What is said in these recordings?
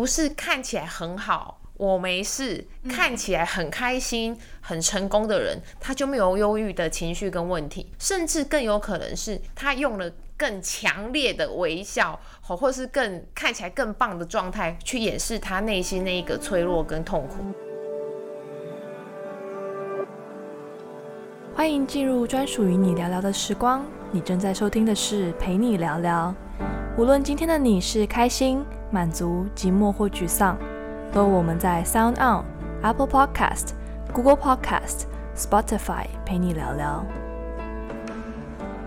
不是看起來很好，我沒事、嗯，看起來很開心、很成功的人，他就沒有憂鬱的情緒跟問題，甚至更有可能是他用了更強烈的微笑，或或是更看起來更棒的狀態，去掩飾他內心那一個脆弱跟痛苦。歡迎進入專屬於你聊聊的時光，你正在收聽的是蓓你聊聊。無論今天的你是開心、滿足、寂寞或沮喪，都我們在 Sound On、Apple Podcast、Google Podcast、Spotify 陪你聊聊。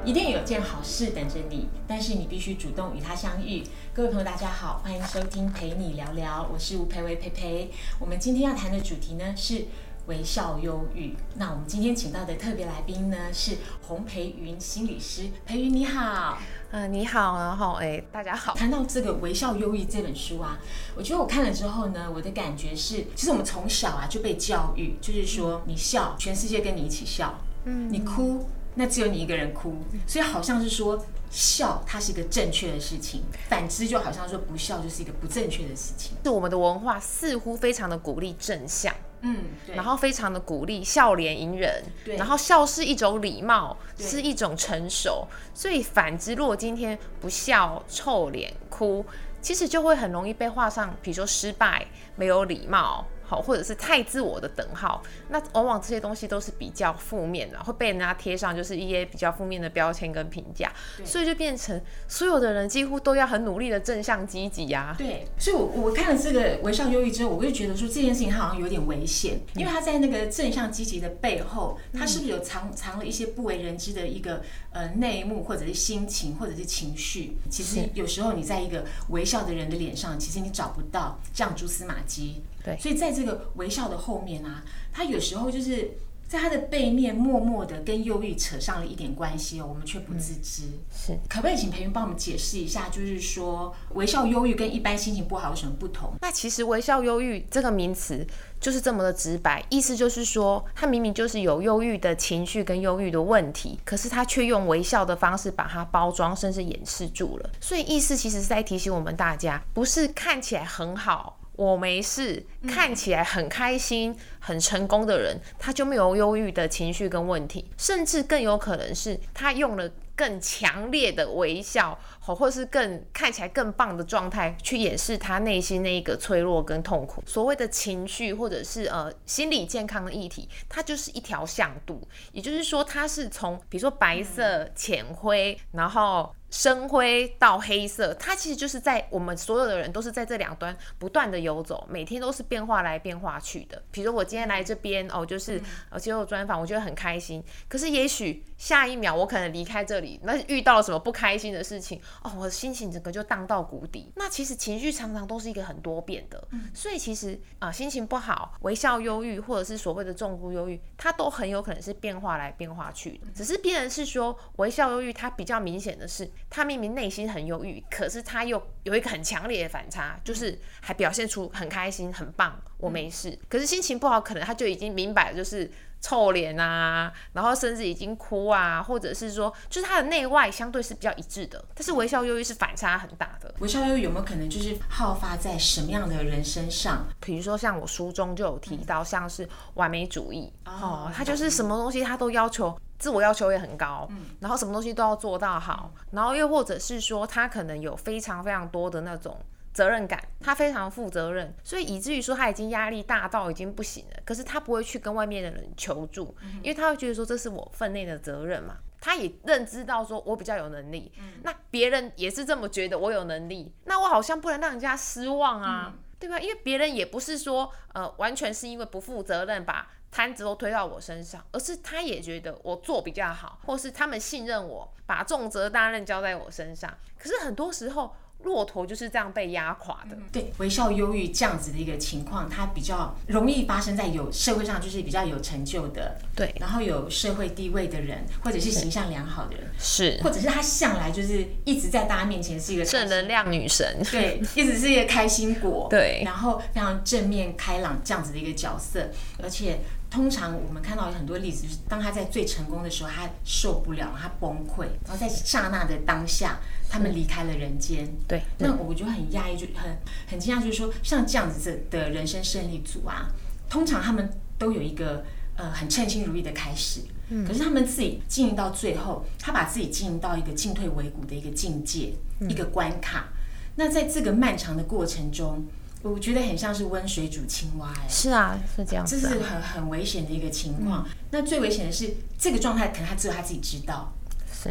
一定有件好事等着你，但是你必須主動與他相遇。各位朋友，大家好，歡迎收聽《蓓你聊聊》，我是吳培維培培。我們今天要談的主題呢是微笑憂鬱。那我們今天請到的特別來賓呢是洪培芸心理師，培芸你好。嗯，你好，然後哎、欸，大家好。談到這個《微笑憂鬱》這本書啊，我覺得我看了之後呢，我的感覺是，其實我們從小啊就被教育，就是說、嗯、你笑，全世界跟你一起笑、嗯，你哭，那只有你一個人哭，所以好像是說笑，它是一個正確的事情，反之就好像說不笑就是一個不正確的事情，是我們的文化似乎非常的鼓勵正向。嗯，然後非常的鼓勵，笑臉迎人，然後笑是一種禮貌，是一種成熟。所以反之，如果今天不笑，臭臉哭，其實就會很容易被畫上，比如說失敗、沒有禮貌。或者是太自我的等號，那往往這些東西都是比較負面的，會被人家貼上就是一些比較負面的標籤跟評價，所以就變成所有的人幾乎都要很努力的正向積極呀。對，所以我我看了這個微笑憂鬱之後，我就覺得說，這件事情好像有點危險，因為他在那個正向積極的背後，他是不是有藏藏了一些不為人知的一個呃內幕或者是心情或者是情緒？其實有時候你在一個微笑的人的臉上，其實你找不到這樣蛛絲馬跡。對，所以，在這個微笑的後面啊，他有時候就是在他的背面默默的跟憂鬱扯上了一點關係哦，我們卻不自知。嗯、是，可不可以請培芸幫我們解釋一下，就是說微笑憂鬱跟一般心情不好有什麼不同？那其實微笑憂鬱這個名詞就是這麼的直白，意思就是說他明明就是有憂鬱的情緒跟憂鬱的問題，可是他卻用微笑的方式把它包裝，甚至掩飾住了。所以意思其實是在提醒我們大家，不是看起來很好。我沒事，看起來很開心、嗯、很成功的人，他就沒有憂鬱的情緒跟問題，甚至更有可能是他用了更強烈的微笑。或是更看起來更棒的狀態去掩飾他內心那一個脆弱跟痛苦。所謂的情緒或者是呃心理健康的議題，它就是一條向度，也就是說它是從比如說白色、淺灰，然後深灰到黑色，它其實就是在我們所有的人都是在這兩端不斷地遊走，每天都是變化來變化去的。比如說我今天來這邊哦，就是而、嗯呃、接受專訪，我覺得很開心。可是也許下一秒我可能離開這裡，那遇到了什麼不開心的事情。哦，我的心情整個就盪到谷底。那其實情緒常常都是一個很多變的，嗯、所以其實啊、呃，心情不好、微笑憂鬱，或者是所謂的重度憂鬱，它都很有可能是變化來變化去的。只是別人是說微笑憂鬱，它比較明顯的是，他明明內心很憂鬱，可是他又有一個很強烈的反差，就是還表現出很開心、很棒，我沒事。嗯、可是心情不好，可能他就已經明白了，就是。臭臉啊，然後甚至已經哭啊，或者是說，就是他的內外相對是比較一致的。但是微笑憂鬱是反差很大的。微笑憂鬱有沒有可能就是好發在什麼樣的人身上？比如說像我書中就有提到，像是完美主義哦，他、哦、就是什麼東西他都要求、嗯，自我要求也很高，然後什麼東西都要做到好，然後又或者是說他可能有非常非常多的那種。責任感，他非常負責任，所以以至於說他已經壓力大到已經不行了。可是他不會去跟外面的人求助，因為他會覺得說這是我分內的責任嘛。他也認知到說，我比較有能力，嗯、那別人也是這麼覺得我有能力，那我好像不能讓人家失望啊，嗯、對吧？因為別人也不是說呃完全是因為不負責任把攤子都推到我身上，而是他也覺得我做比較好，或是他們信任我把重責大任交在我身上。可是很多時候。駱駝就是這樣被壓垮的。對，微笑憂鬱這樣子的一個情況，它比較容易發生在有社會上就是比較有成就的，對，然後有社會地位的人，或者是形象良好的人，是，或者是他向來就是一直在大家面前是一個正能量女神，對，一直是一個開心果， 對，然後非常正面開朗這樣子的一個角色，而且。通常我們看到有很多例子，就是當他在最成功的時候，他受不了，他崩潰，然後在剎那的當下，他們離開了人間。嗯。對，那我就很壓抑，就很很驚訝，就是說像這樣子的人生勝利組啊，通常他們都有一個呃很稱心如意的開始，嗯，可是他們自己經營到最後，他把自己經營到一個進退維谷的一個境界，嗯，一個關卡。那在這個漫長的過程中。我覺得很像是溫水煮青蛙，哎，是啊，是這樣，這是很很危險的一個情況。那最危險的是，這個狀態可能他只有他自己知道，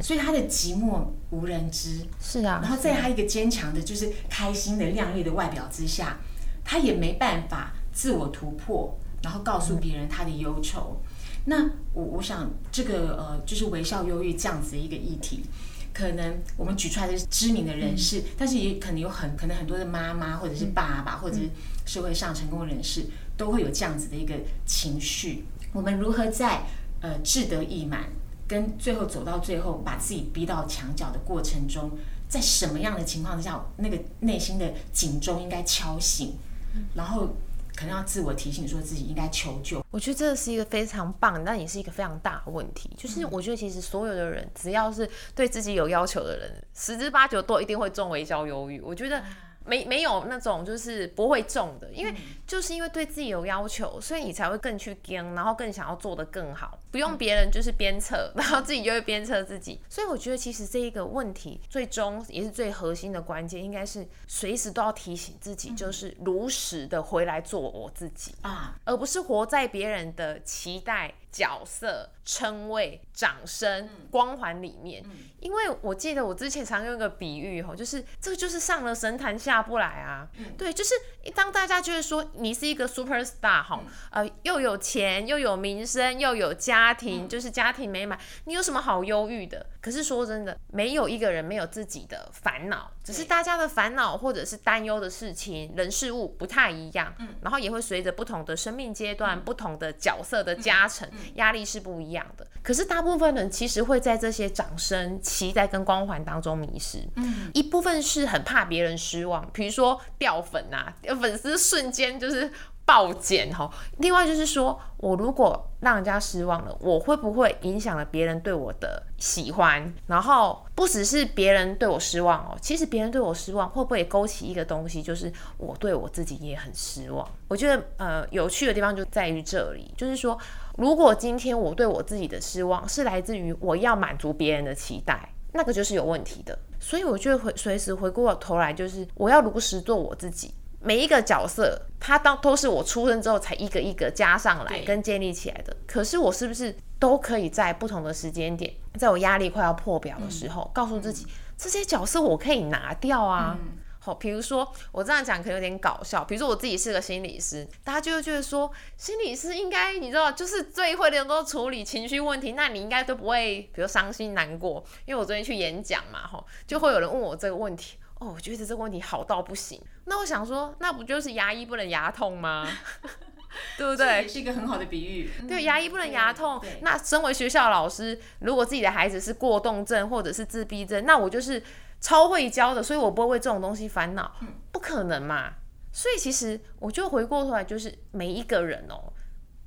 所以他的寂寞無人知。是啊，然後在他一個堅強的、就是開心的、亮麗的外表之下，他也沒辦法自我突破，然後告訴別人他的憂愁。那我我想這個呃，就是微笑憂鬱這樣子的一個議題。可能我們舉出來的是知名的人士，嗯，但是也可能有很可能很多的媽媽或者是爸爸，或者是社會上成功人士，嗯，都會有這樣子的一個情緒。我們如何在呃志得意滿跟最後走到最後把自己逼到牆角的過程中，在什麼樣的情況下，那個內心的警鐘應該敲醒，嗯、然後。可能要自我提醒，說自己應該求救。我覺得這是一個非常棒，但也是一個非常大的問題。就是我覺得，其實所有的人、嗯，只要是對自己有要求的人，十之八九都一定會中微笑憂鬱。我覺得。沒沒有那種就是不會中的，因為就是因為對自己有要求，所以你才會更去跟，然後更想要做得更好，不用別人就是鞭策，然後自己就會鞭策自己。所以我覺得其實這一個問題，最終也是最核心的關鍵，應該是隨時都要提醒自己，就是如實的回來做我自己啊，而不是活在別人的期待。角色稱謂、掌聲、嗯、光環裡面、嗯，因為我記得我之前常用一個比喻哈，就是這個就是上了神壇下不來啊。嗯、對，就是一當大家就是說你是一個 super star 哈、嗯呃，又有錢又有名聲又有家庭，嗯、就是家庭美滿，你有什麼好憂鬱的？可是說真的，沒有一個人沒有自己的煩惱，只是大家的煩惱或者是擔憂的事情、人事物不太一樣。嗯、然後也會隨着不同的生命階段、嗯、不同的角色的加成。嗯嗯嗯壓力是不一樣的，可是大部分人其實會在這些掌聲、期待跟光環當中迷失。嗯，一部分是很怕別人失望，比如說掉粉啊，粉絲瞬間就是。暴減哦！另外就是說，我如果讓人家失望了，我會不會影響了別人對我的喜歡？然後不只是別人對我失望哦，其實別人對我失望，會不會勾起一個東西，就是我對我自己也很失望？我覺得呃，有趣的地方就在於這裡，就是說，如果今天我對我自己的失望是來自於我要滿足別人的期待，那個就是有問題的。所以我就會隨時回過頭來，就是我要如實做我自己。每一個角色，它都都是我出生之後才一個一個加上來跟建立起來的。可是我是不是都可以在不同的時間點，在我壓力快要破表的時候，嗯、告訴自己、嗯、這些角色我可以拿掉啊？嗯、好，比如說我這樣講可能有點搞笑。比如說我自己是個心理師，大家就會覺得說，心理師應該你知道，就是最會能夠處理情緒問題。那你應該都不會，比如傷心難過。因為我最近去演講嘛，哈，就會有人問我這個問題。哦，我覺得這個問題好到不行。那我想說，那不就是牙醫不能牙痛嗎？ 對不對？是一個很好的比喻。對，牙醫不能牙痛。嗯、那身為學校老師，如果自己的孩子是過動症或者是自閉症，那我就是超會教的，所以我不會為這種東西煩惱。嗯、不可能嘛。所以其實我就回過頭來，就是每一個人哦，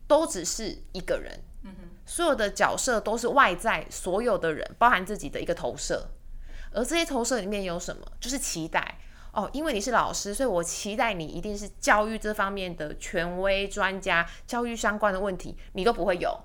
都只是一個人。嗯哼，所有的角色都是外在，所有的人包含自己的一個投射。而這些投射裡面有什麼？就是期待哦，因為你是老師，所以我期待你一定是教育這方面的權威專家，教育相關的問題你都不會有。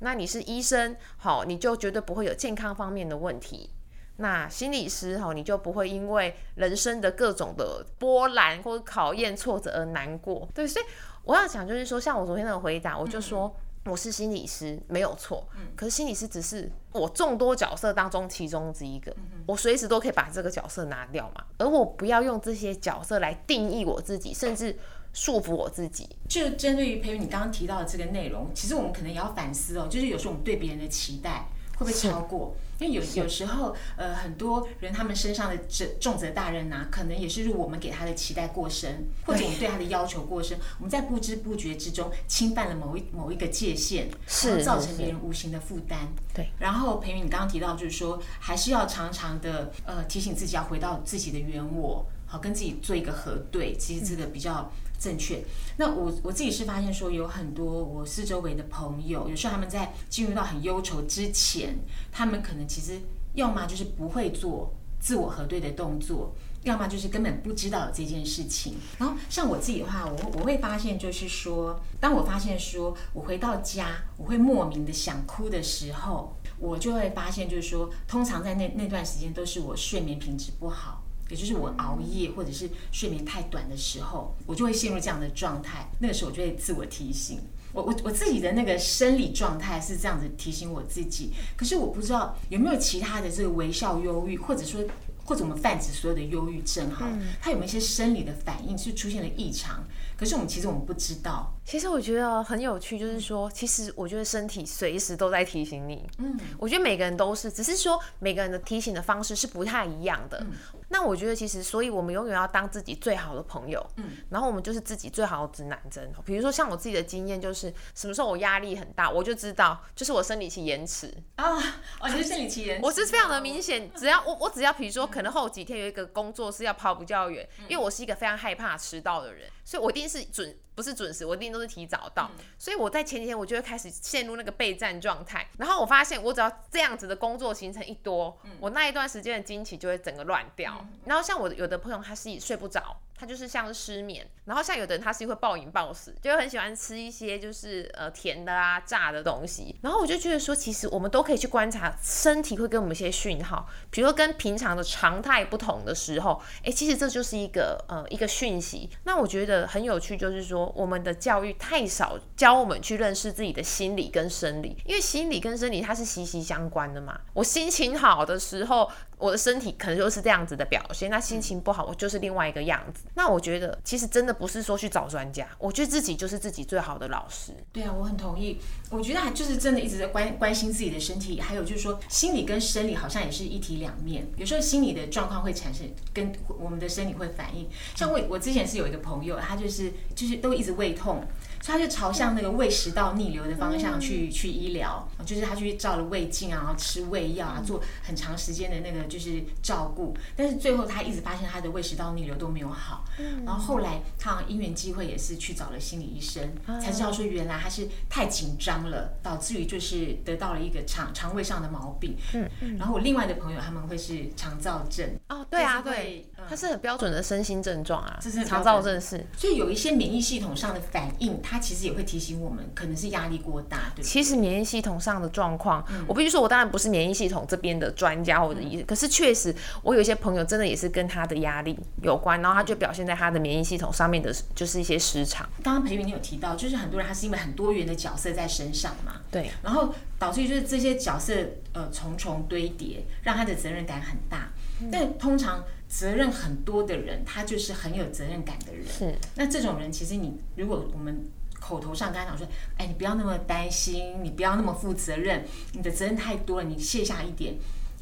那你是醫生，好、哦，你就絕對不會有健康方面的問題。那心理師，好、哦，你就不會因為人生的各種的波瀾或者考驗挫折而難過。對，所以我要講就是說，像我昨天那個回答，我就說。嗯我是心理師，沒有錯、嗯。可是心理師只是我眾多角色當中其中之一個、嗯，我隨時都可以把這個角色拿掉嘛。而我不要用這些角色來定義我自己，甚至束縛我自己。就針對於培芸你剛剛提到的這個內容，其實我們可能也要反思哦，就是有時候我們對別人的期待。會不會超過？因為有有時候，呃，很多人他們身上的這重責大任吶、啊，可能也是我們給他的期待過深，或者我們對他的要求過深，我們在不知不覺之中侵犯了某一某一個界限，然後造成別人無形的負擔。對。然後培芸，你剛剛提到就是說，還是要常常的呃提醒自己要回到自己的原我，好跟自己做一個核對。其實這個比較。正確。那我我自己是發現說，有很多我四周圍的朋友，有時候他們在進入到很憂愁之前，他們可能其實要麼就是不會做自我核對的動作，要麼就是根本不知道這件事情。然後像我自己的話，我我會發現就是說，當我發現說，我回到家，我會莫名的想哭的時候，我就會發現就是說，通常在那那段時間都是我睡眠品質不好。也就是我熬夜，或者是睡眠太短的時候，我就會陷入這樣的狀態。那個時候，我就會自我提醒，我我我自己的那個生理狀態是這樣子提醒我自己。可是我不知道有沒有其他的這個微笑憂鬱，或者說或者我們泛指所有的憂鬱症哈、嗯，它有沒有一些生理的反應是出現了異常？可是我們其實我們不知道。其實我覺得很有趣，就是說，其實我覺得身體隨時都在提醒你。嗯。我覺得每個人都是，只是說每個人的提醒的方式是不太一樣的。那我覺得其實，所以我們永遠要當自己最好的朋友。嗯。然後我們就是自己最好的指南針。比如說像我自己的經驗，就是什麼時候我壓力很大，我就知道，就是我生理期延遲。啊，哦，你是生理期延遲？我是非常的明顯，只要我我只要比如說可能後幾天有一個工作是要跑比較遠，因為我是一個非常害怕遲到的人。所以，我一定是準。不是準時，我一定都是提早到，嗯，所以我在前幾天我就會開始陷入那個備戰狀態。然後我發現，我只要這樣子的工作行程一多，嗯、我那一段時間的經期就會整個亂掉，嗯。然後像我有的朋友，他是睡不着，他就是像是失眠。然後像有的人，他是會暴飲暴食，就很喜歡吃一些就是呃甜的啊、炸的東西。然後我就覺得說，其實我們都可以去觀察身體會給我們一些訊號，比如說跟平常的常態不同的時候，哎、欸，其實這就是一個呃一個訊息。那我覺得很有趣，就是說。我們的教育，太少教我們去認識自己的心理跟生理，因為心理跟生理它是息息相關的嘛。我心情好的時候，我的身體可能就是這樣子的表現，那心情不好，我就是另外一個樣子。那我覺得其實真的不是說去找專家，我覺得自己就是自己最好的老師。對啊，我很同意。我覺得還就是真的一直在關關心自己的身體，還有就是說心理跟生理好像也是一體兩面。有時候心理的狀況會產生跟我們的身體會反應，像我我之前是有一個朋友，他就是就是都一直胃痛。所以他就朝向那個胃食道逆流的方向去、嗯、去醫療，就是他去照了胃鏡啊，然後吃胃藥啊、嗯，做很長時間的那個就是照顧。但是最後他一直發現他的胃食道逆流都沒有好。嗯、然後後來他好像因緣機會也是去找了心理醫生，嗯、才知道說原來他是太緊張了、嗯，導致於就是得到了一個腸腸胃上的毛病。嗯，然後我另外的朋友他們會是腸躁症、哦。對啊，對，他、嗯、是很標準的身心症狀啊。這是腸躁症是。所以有一些免疫系統上的反應。嗯嗯他其實也會提醒我們，可能是壓力過大。對，對，其實免疫系統上的狀況，嗯、我必須說，我當然不是免疫系統這邊的專家或者醫生。可是確實，我有一些朋友真的也是跟他的壓力有關、嗯，然後他就表現在他的免疫系統上面的，就是一些失常。剛剛培芸，你有提到，就是很多人他是因為很多元的角色在身上嘛，對、嗯，然後導致於就是這些角色呃重重堆疊，讓他的責任感很大。但、嗯、通常責任很多的人，他就是很有責任感的人。是，那這種人其實你如果我們口頭上跟他講說，哎、欸，你不要那麼擔心，你不要那麼負責任，你的責任太多了，你卸下一點，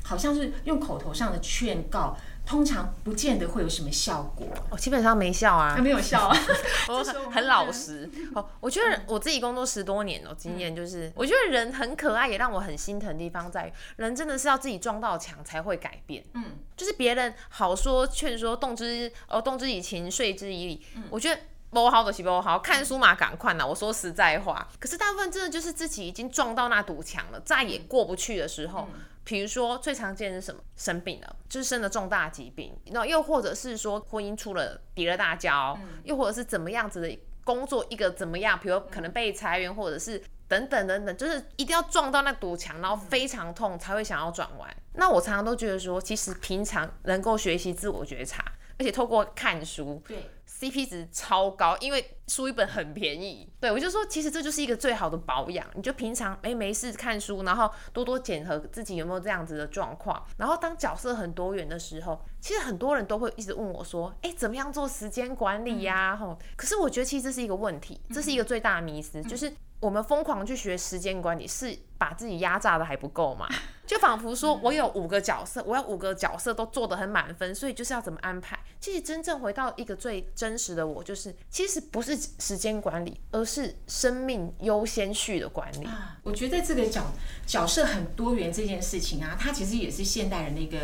好像是用口頭上的勸告，通常不見得會有什麼效果。我、哦、基本上沒效啊，還、啊、沒有效啊， 我很很老實。哦，我覺得我自己工作十多年哦、喔，經驗就是、嗯，我覺得人很可愛，也讓我很心疼的地方在人真的是要自己撞到牆才會改變。嗯，就是別人好說勸說，動之哦，動之以情，說之以理。嗯，我覺得。我好可惜，我好看書嘛，趕快吶！我說實在話，可是大部分真的就是自己已經撞到那堵牆了，再也過不去的時候。比、嗯、如說，最常見是什麼？生病了，就是生了重大疾病。那又或者是說，婚姻出了跌了大跤、嗯，又或者是怎麼樣子的工作一個怎麼樣？比如說可能被裁員，或者是等等等等，就是一定要撞到那堵牆，然後非常痛才會想要轉彎、嗯。那我常常都覺得說，其實平常能夠學習自我覺察，而且透過看書。對。CP 值超高，因為書一本很便宜。對我就說，其實這就是一個最好的保養。你就平常哎、欸、沒事看書，然後多多檢核自己有沒有這樣子的狀況。然後當角色很多元的時候，其實很多人都會一直問我說：“哎、欸，怎麼樣做時間管理呀、啊嗯？”吼，可是我覺得其實這是一個問題，這是一個最大的迷思，嗯、就是。我們瘋狂去學時間管理，是把自己壓榨的還不夠嗎？就仿佛說我有五個角色，我要五個角色都做得很滿分，所以就是要怎麼安排？其實真正回到一個最真實的我，就是其實不是時間管理，而是生命優先序的管理。啊，我覺得這個角角色很多元這件事情啊，它其實也是現代人的一個。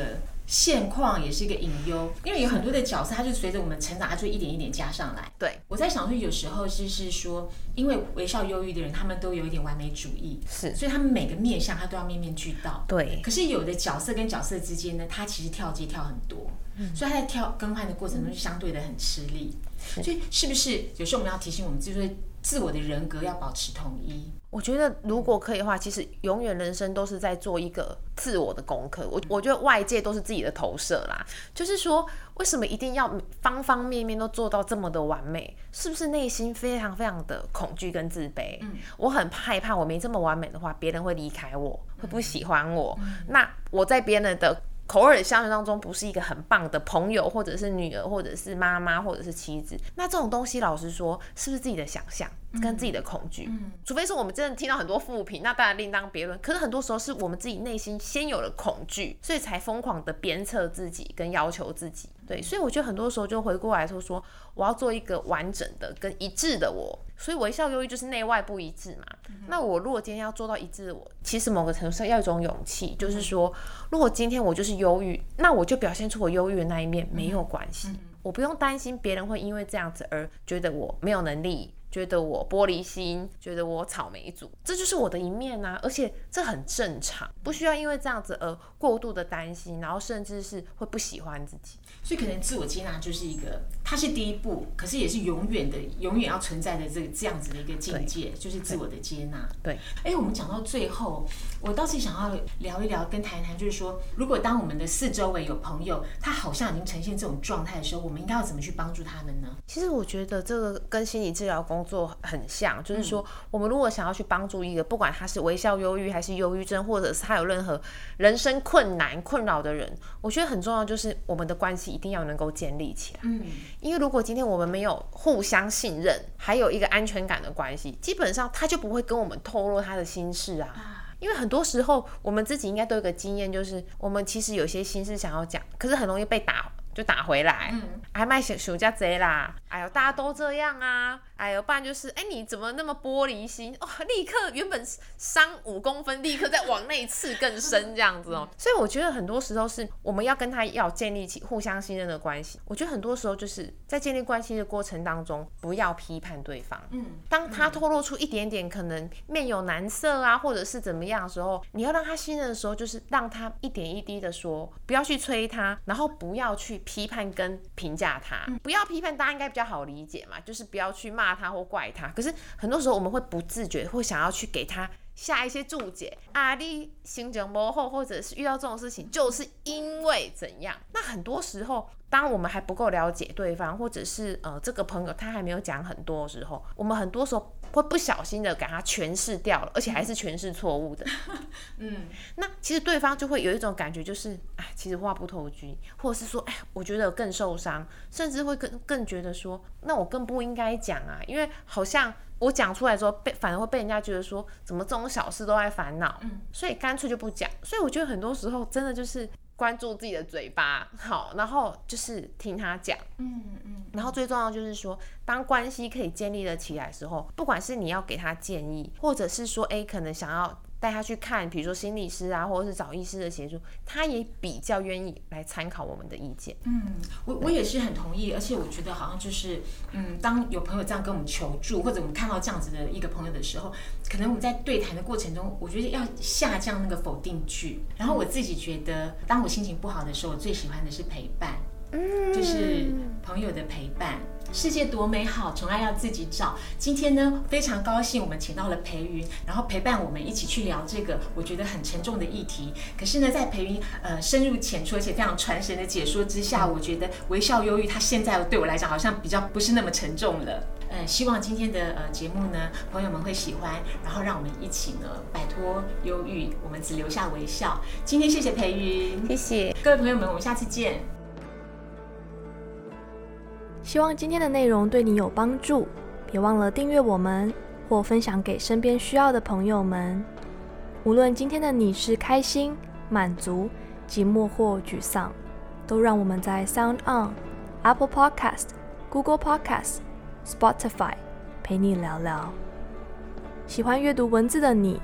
現況也是一個隱憂，因為有很多的角色，它就隨着我們成長，它就一點一點加上來。對，我在想說，有時候就是，是說，因為微笑憂鬱的人，他們都有一點完美主義，是，所以他們每個面向，他都要面面俱到。對，可是有的角色跟角色之間呢，他其實跳機跳很多，嗯，所以他在跳更換的過程中，就相對的很吃力，嗯。所以是不是有時候我們要提醒我們，就是說。自我的人格要保持統一。我覺得，如果可以的話，其實永遠人生都是在做一個自我的功課。我我覺得外界都是自己的投射啦。就是說，為什麼一定要方方面面都做到這麼的完美？是不是內心非常非常的恐懼跟自卑？嗯。我很害怕，我沒這麼完美的話，別人會離開我，會不喜歡我。嗯。那我在別人的。口耳相傳當中，不是一個很棒的朋友，或者是女兒，或者是媽媽，或者是妻子。那這種東西，老實說，是不是自己的想象，跟自己的恐懼？嗯，除非是我們真的聽到很多負評，那當然另當別論。可是很多時候，是我們自己內心先有了恐懼，所以才瘋狂的鞭策自己，跟要求自己。對，所以我覺得很多時候就回過來說說，我要做一個完整的、跟一致的我。所以微笑憂鬱就是內外不一致嘛、嗯。那我如果今天要做到一致的我，其實某個程度上要一種勇氣、嗯，就是說，如果今天我就是憂鬱，那我就表現出我憂鬱的那一面，嗯、沒有關係、嗯，我不用擔心別人會因為這樣子而覺得我沒有能力，覺得我玻璃心，覺得我草莓族，這就是我的一面啊，而且這很正常，不需要因為這樣子而過度的擔心，然後甚至是會不喜歡自己。所以可能自我接納就是一個，它是第一步，可是也是永遠的、永遠要存在的這個這樣子的一個境界，就是自我的接納。對。哎、欸，我們講到最後，我倒是想要聊一聊、跟談一談，就是說，如果當我們的四周圍有朋友，他好像已經呈現這種狀態的時候，我們應該要怎麼去幫助他們呢？其實我覺得這個跟心理治療工作很像，就是說，我們如果想要去幫助一個，不管他是微笑憂鬱，還是憂鬱症，或者是他有任何人生困難困擾的人，我覺得很重要就是我們的關係。一定要能夠建立起來、嗯，因為如果今天我們沒有互相信任，還有一個安全感的關係，基本上他就不會跟我們透露他的心事啊。啊，因為很多時候我們自己應該都有個經驗，就是我們其實有些心事想要講，可是很容易被打就打回來，還賣暑假家賊啦。哎呦，大家都這樣啊。哎，不然就是哎，欸、你怎麼那麼玻璃心？哦，立刻原本傷五公分，立刻再往內刺更深這樣子哦。 所以我覺得很多時候是我們要跟他要建立起互相信任的關係。我覺得很多時候就是在建立關係的過程當中，不要批判對方。嗯，當他透露出一點點可能面有難色啊，或者是怎麼樣的時候，你要讓他信任的時候，就是讓他一點一滴的說，不要去催他，然後不要去批判跟評價他、嗯，不要批判，大家應該比較好理解嘛，就是不要去罵。罵他或怪他，可是很多時候我們會不自覺，會想要去給他下一些注解。阿、啊、你心情模糊，或者是遇到這種事情，就是因為怎樣？那很多時候，當我們還不夠了解對方，或者是呃這個朋友他還沒有講很多的時候，我們很多時候。會不小心的給他詮釋掉了，而且還是詮釋錯誤的。嗯， 那其實對方就會有一種感覺，就是哎，其實話不投機，或者是說，哎，我覺得更受傷，甚至會更更覺得說，那我更不應該講啊，因為好像我講出來之後被，反而會被人家覺得說，怎麼這種小事都愛煩惱，所以乾脆就不講。所以我覺得很多時候真的就是。關注自己的嘴巴，好，然後就是聽他講，嗯嗯，然後最重要的就是說，當關係可以建立的起來的時候，不管是你要給他建議，或者是說，哎、欸，可能想要。帶他去看，比如說心理師啊，或者是找醫師的協助，他也比較願意來參考我們的意見。嗯，我我也是很同意，而且我覺得好像就是，嗯，當有朋友這樣跟我們求助，或者我們看到這樣子的一個朋友的時候，可能我們在對談的過程中，我覺得要下降那個否定句。然後我自己覺得，嗯，當我心情不好的時候，我最喜歡的是陪伴，嗯，就是朋友的陪伴。世界多美好，從來要自己找。今天呢，非常高興我們請到了培芸，然後陪伴我們一起去聊這個我覺得很沉重的議題。可是呢，在培芸呃深入淺出而且非常傳神的解說之下，我覺得微笑憂鬱，它現在對我來講好像比較不是那麼沉重了。呃，希望今天的呃節目呢，朋友們會喜歡，然後讓我們一起呢擺脫憂鬱，我們只留下微笑。今天謝謝培芸，謝謝各位朋友們，我們下次見。希望今天的內容對你有幫助，別忘了訂閱我們或分享給身邊需要的朋友們。無論今天的你是開心、滿足、寂寞或沮喪，都讓我們在 Sound On、Apple Podcast、Google Podcast、Spotify 陪你聊聊。喜歡閱讀文字的你，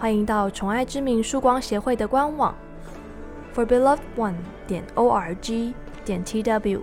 歡迎到寵愛之名曙光協會的官網 For Beloved One 點 O R G 點 T W。